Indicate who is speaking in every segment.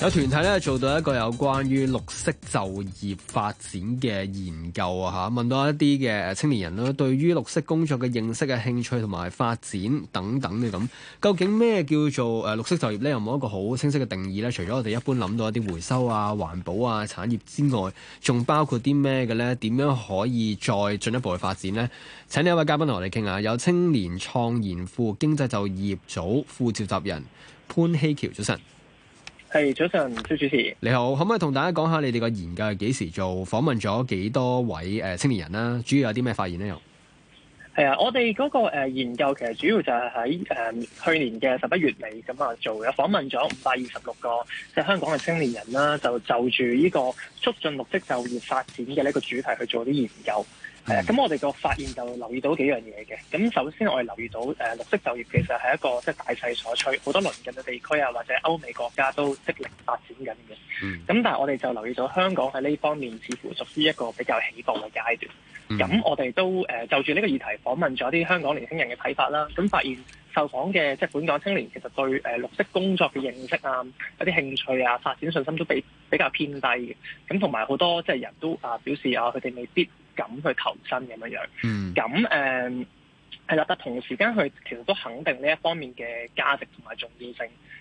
Speaker 1: 有團體咧做到一個有關於綠色就業發展嘅研究啊嚇，問到一啲嘅青年人咯，對於綠色工作嘅認識嘅興趣同埋發展等等嘅咁，究竟咩叫做誒綠色就業呢？有冇一個好清晰嘅定義呢？除咗我哋一般諗到一啲回收啊、環保啊產業之外，仲包括啲咩嘅呢？點樣可以再進一步去發展呢？請呢一位嘉賓同我哋傾下，有青年創研庫經濟就業組副召集人潘希橋，早晨。
Speaker 2: 係早晨，朱主
Speaker 1: 持。你好，可唔可以同大家講下你哋嘅研究係幾時做，訪問咗幾多位誒、呃、青年人啦，主要有啲咩發現咧？又？
Speaker 2: 係我哋嗰個研究其實主要就係喺誒去年嘅十一月尾咁啊做嘅，訪問咗五百二十六個即係、就是、香港嘅青年人啦，就就住呢個促進綠色就業發展嘅呢個主題去做啲研究。係咁、嗯啊、我哋個發現就留意到幾樣嘢嘅。咁首先我哋留意到誒、呃、綠色就業其實係一個即係、就是、大勢所趨，好多鄰近嘅地區啊或者歐美國家都積極發展緊嘅。嗯。咁但係我哋就留意到香港喺呢方面似乎屬於一個比較起步嘅階段。咁、mm hmm. 我哋都誒、uh, 就住呢個議題訪問咗啲香港年輕人嘅睇法啦，咁發現受訪嘅即係本港青年其實對誒、呃、綠色工作嘅認識啊、一啲興趣啊、發展信心都比比較偏低嘅，咁同埋好多即係、就是、人都啊表示啊佢哋未必敢去投身咁樣樣。嗯、mm。咁、hmm. 誒。Uh, 係啦，但同時間佢其實都肯定呢一方面嘅價值同埋重要性，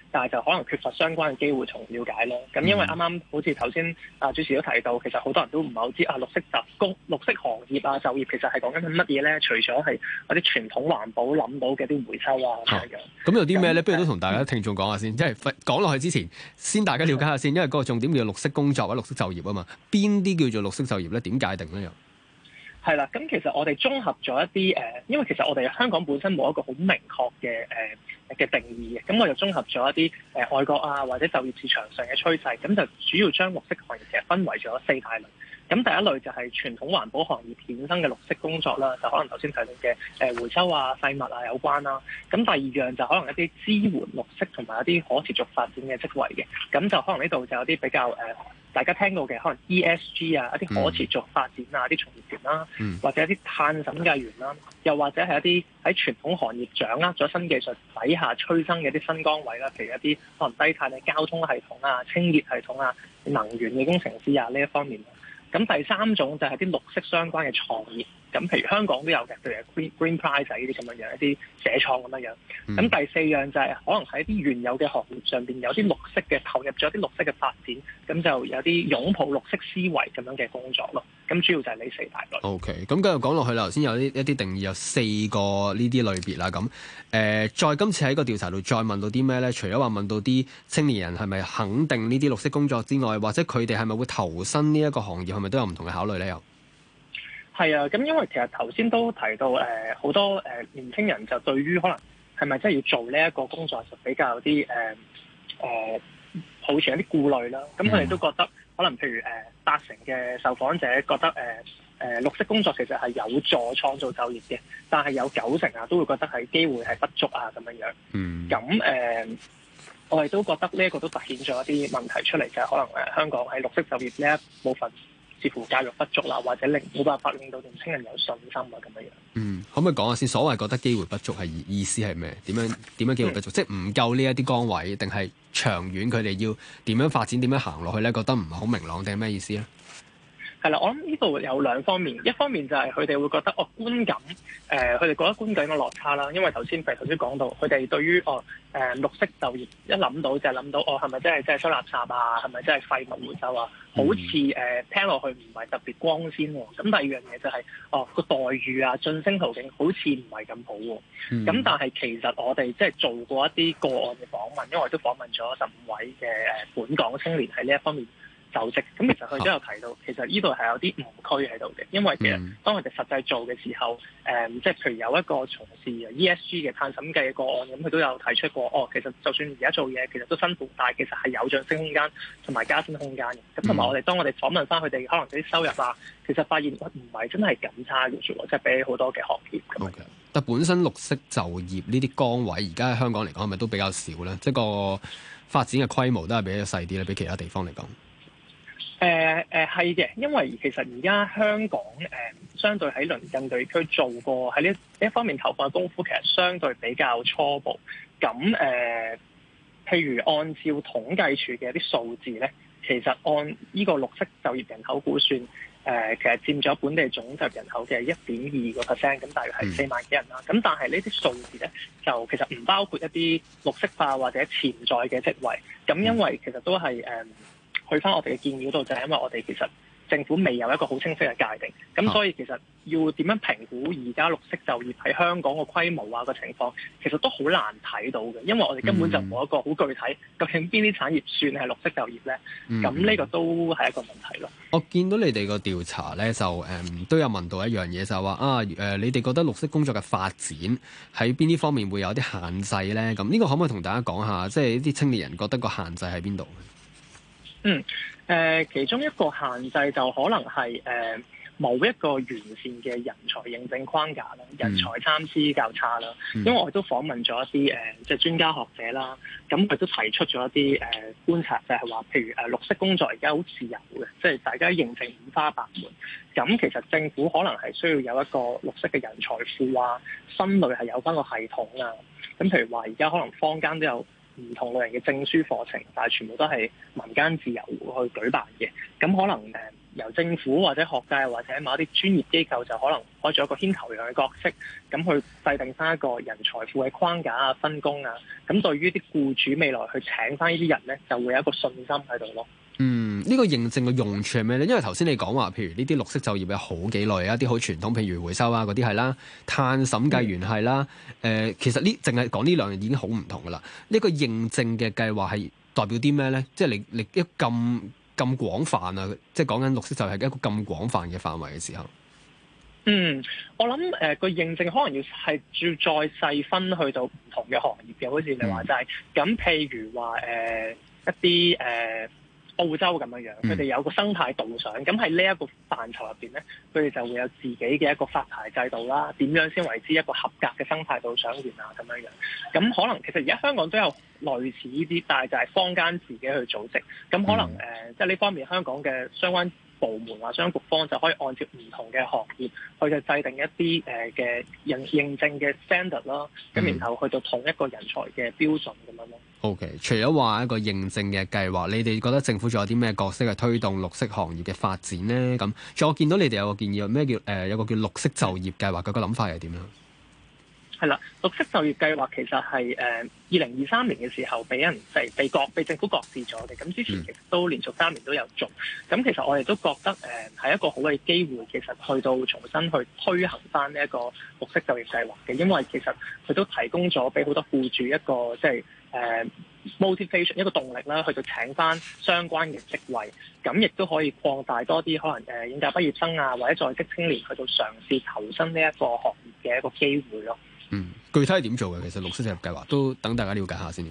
Speaker 2: 但係就可能缺乏相關嘅機會從瞭解咯。咁因為啱啱、嗯、好似頭先啊，主持都提到，其實好多人都唔係好知啊，綠色就工、啊、綠色行業啊、就業其實係講緊乜嘢咧？除咗係嗰啲傳統環保諗到嘅啲回收啊
Speaker 1: 咁、啊、有啲咩咧？那不如都同大家聽眾講下、嗯、先，即係講落去之前，先大家了解下先，因為個重點叫做綠色工作或者綠色就業啊嘛。邊啲叫做綠色就業咧？點界定咧又？
Speaker 2: 係啦，咁其實我哋綜合咗一啲誒，因為其實我哋香港本身冇一個好明確嘅誒嘅定義嘅，咁我就綜合咗一啲誒外國啊，或者就業市場上嘅趨勢，咁就主要將綠色行業其實分為咗四大類。咁第一類就係傳統環保行業衍生嘅綠色工作啦，就可能頭先提到嘅誒回收啊、廢物啊有關啦、啊。咁第二樣就可能一啲支援綠色同埋一啲可持續發展嘅職位嘅，咁就可能呢度就有啲比較誒。呃大家聽到嘅可能 ESG 啊，一啲可持續發展啊，啲從業員啦，mm. 或者一啲碳審計員啦，又或者係一啲喺傳統行業掌握咗新技術底下催生嘅一啲新崗位啦，啊，譬如一啲可能低碳嘅交通系統啊、清潔系統啊、能源嘅工程師啊呢一方面。咁第三種就係啲綠色相關嘅創業。咁，譬如香港都有嘅，譬如 Green Green Prize 呢啲咁樣樣，一啲社創咁樣樣。咁、嗯、第四樣就係、是、可能喺啲原有嘅行業上邊有啲綠色嘅投入，咗啲綠色嘅發展，咁就有啲擁抱綠色思維咁樣嘅工作咯。咁主要就係呢四大
Speaker 1: 類。O K. 咁繼續講落去啦，頭先有呢一啲定義，有四個呢啲類別啦。咁誒、呃，再今次喺個調查度再問到啲咩咧？除咗話問到啲青年人係咪肯定呢啲綠色工作之外，或者佢哋係咪會投身呢一個行業，係咪都有唔同嘅考慮咧？又
Speaker 2: 係啊，咁因為其實頭先都提到誒好、呃、多誒、呃、年輕人就對於可能係咪真係要做呢一個工作就比較啲誒誒抱持一啲顧慮啦。咁佢哋都覺得可能譬如誒八、呃、成嘅受訪者覺得誒誒、呃呃、綠色工作其實係有助創造就業嘅，但係有九成啊都會覺得係機會係不足啊咁樣樣。嗯，咁誒、呃、我哋都覺得呢一個都凸顯咗一啲問題出嚟嘅，可能誒、呃、香港喺綠色就業呢一部分。似乎教育不足啦，或者令冇辦法令到年輕人
Speaker 1: 有信心啊，咁樣樣。嗯，可唔可以講下先？所謂覺得機會不足係意思係咩？點樣點樣機會不足？嗯、即係唔夠呢一啲崗位，定係長遠佢哋要點樣發展、點樣行落去咧？覺得唔係好明朗定係咩意思咧？
Speaker 2: 係啦，我諗呢度有兩方面，一方面就係佢哋會覺得哦觀感，誒佢哋覺得觀感嘅落差啦。因為頭先譬如頭先講到，佢哋對於哦誒、呃、綠色就業一諗到就係、是、諗到哦係咪真係真係收垃圾啊？係咪真係廢物回收啊？好似誒、呃、聽落去唔係特別光鮮喎、哦。咁第二樣嘢就係、是、哦個待遇啊、晉升途徑好似唔係咁好喎、啊。咁、嗯、但係其實我哋即係做過一啲個案嘅訪問，因為我都訪問咗十五位嘅誒本港青年喺呢一方面。就職咁，嗯、其實佢都有提到，啊、其實呢度係有啲誤區喺度嘅。因為其實當佢哋實際做嘅時候，誒、嗯，即、就、係、是、譬如有一個從事 E S G 嘅碳審計嘅個案咁，佢都有提出過。哦，其實就算而家做嘢，其實都辛苦，但係其實係有上升空間同埋加薪空間嘅。咁同埋我哋、嗯、當我哋訪問翻佢哋，可能啲收入啊，其實發現唔係真係咁差嘅，全部即係俾好多嘅行業咁。
Speaker 1: Okay，但本身綠色就業呢啲崗位而家喺香港嚟講，係咪都比較少咧？即係個發展嘅規模都係比較細啲咧，比其他地方嚟講。
Speaker 2: 誒誒係嘅，因為其實而家香港誒、呃、相對喺鄰近地區做過喺呢呢一方面投放嘅功夫，其實相對比較初步。咁誒、呃，譬如按照統計處嘅一啲數字咧，其實按呢個綠色就業人口估算，誒、呃、其實佔咗本地總就業人口嘅一點二個 percent，咁大約係四萬幾人啦。咁、嗯、但係呢啲數字咧，就其實唔包括一啲綠色化或者潛在嘅職位。咁因為其實都係誒。呃去翻我哋嘅建解度，就係、是、因為我哋其實政府未有一個好清晰嘅界定，咁所以其實要點樣評估而家綠色就業喺香港嘅規模啊，個情況，其實都好難睇到嘅，因為我哋根本就冇一個好具體究竟邊啲產業算係綠色就業呢？咁呢個都係一個問題咯。
Speaker 1: 我見到你哋個調查呢，就誒、嗯、都有問到一樣嘢，就話啊誒、呃，你哋覺得綠色工作嘅發展喺邊啲方面會有啲限制呢？咁呢個可唔可以同大家講下，即係啲青年人覺得個限制喺邊度？
Speaker 2: 嗯，誒、呃，其中一個限制就可能係誒某一個完善嘅人才認證框架啦，嗯、人才參差較差啦。嗯、因為我哋都訪問咗一啲誒、呃，即係專家學者啦，咁佢都提出咗一啲誒、呃、觀察，就係話，譬如誒、呃、綠色工作而家好自由嘅，即係大家認證五花八門。咁其實政府可能係需要有一個綠色嘅人才庫啊，分類係有翻個系統啊。咁譬如話，而家可能坊間都有。唔同類型嘅證書課程，但係全部都係民間自由去舉辦嘅。咁可能誒，由政府或者學界或者某一啲專業機構就可能開咗一個牽頭人嘅角色，咁去制定翻一個人才庫嘅框架啊、分工啊。咁對於啲僱主未來去請翻呢啲人呢，就會有一個信心喺度咯。
Speaker 1: 呢個認證嘅用處係咩咧？因為頭先你講話，譬如呢啲綠色就業有好幾類啊，一啲好傳統，譬如回收啊嗰啲係啦，碳審計員係啦。誒、呃，其實呢淨係講呢兩樣已經好唔同噶啦。呢、這個認證嘅計劃係代表啲咩咧？即係你你一咁咁廣泛啊，即係講緊綠色就係一個咁廣泛嘅範圍嘅時候。
Speaker 2: 嗯，我諗誒、呃那個認證可能要係要再細分去到唔同嘅行業嘅，好似你話齋咁。嗯、譬如話誒、呃呃、一啲誒。呃澳洲咁樣樣，佢哋有個生態導賞，咁喺呢一個範疇入邊咧，佢哋就會有自己嘅一個發牌制度啦，點樣先為之一個合格嘅生態導賞員啊咁樣樣。咁可能其實而家香港都有類似呢啲，但係就係坊間自己去組織。咁可能誒，即係呢方面香港嘅相關部門啊，商局方就可以按照唔同嘅行業，去就制定一啲誒嘅認認證嘅 standard 啦，咁、嗯、然後去到同一個人才嘅標準咁樣咯。
Speaker 1: O.K.，除咗話一個認證嘅計劃，你哋覺得政府仲有啲咩角色去推動綠色行業嘅發展呢？咁，再我見到你哋有個建議，咩叫誒、呃、有個叫綠色就業計劃嘅、嗰個諗法係點樣？
Speaker 2: 係啦，綠色就業計劃其實係誒二零二三年嘅時候俾人被被國被政府擱置咗嘅，咁之前其實都連續三年都有做。咁其實我哋都覺得誒係、呃、一個好嘅機會，其實去到重新去推行翻呢一個綠色就業計劃嘅，因為其實佢都提供咗俾好多僱主一個即係誒、呃、motivation 一個動力啦，去到請翻相關嘅職位，咁亦都可以擴大多啲可能誒應屆畢業生啊，或者在職青年去到嘗試投身呢一個行業嘅一個機會咯、啊。
Speaker 1: 嗯，具體係點做嘅？其實綠色石油計劃都等大家了解下先。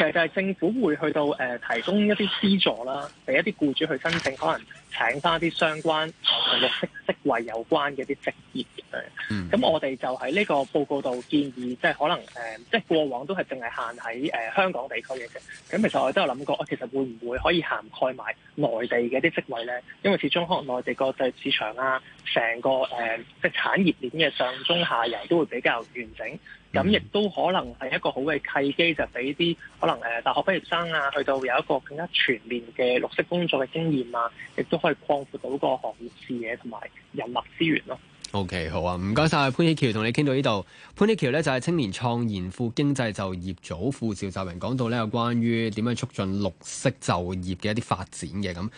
Speaker 2: 其實就係政府會去到誒、呃、提供一啲資助啦，俾一啲僱主去申請，可能請翻啲相關同綠色職位有關嘅啲職業。咁、嗯嗯、我哋就喺呢個報告度建議，即係可能誒、呃，即係過往都係淨係限喺誒、呃、香港地區嘅啫。咁其實我都有諗過、呃，其實會唔會可以涵蓋埋內地嘅啲職位咧？因為始終可能內地國際市場啊，成個誒、呃、即係產業鏈嘅上中下游都會比較完整。咁亦都可能係一個好嘅契機，就俾啲可能誒大學畢業生啊，去到有一個更加全面嘅綠色工作嘅經驗啊，亦都可以擴闊到個行業視野同埋人力資源咯、
Speaker 1: 啊。OK，好啊，唔該晒。潘希橋，同你傾到呢度。潘希橋呢，就係青年創研庫經濟就業組副召集人，講到呢有關於點樣促進綠色就業嘅一啲發展嘅咁。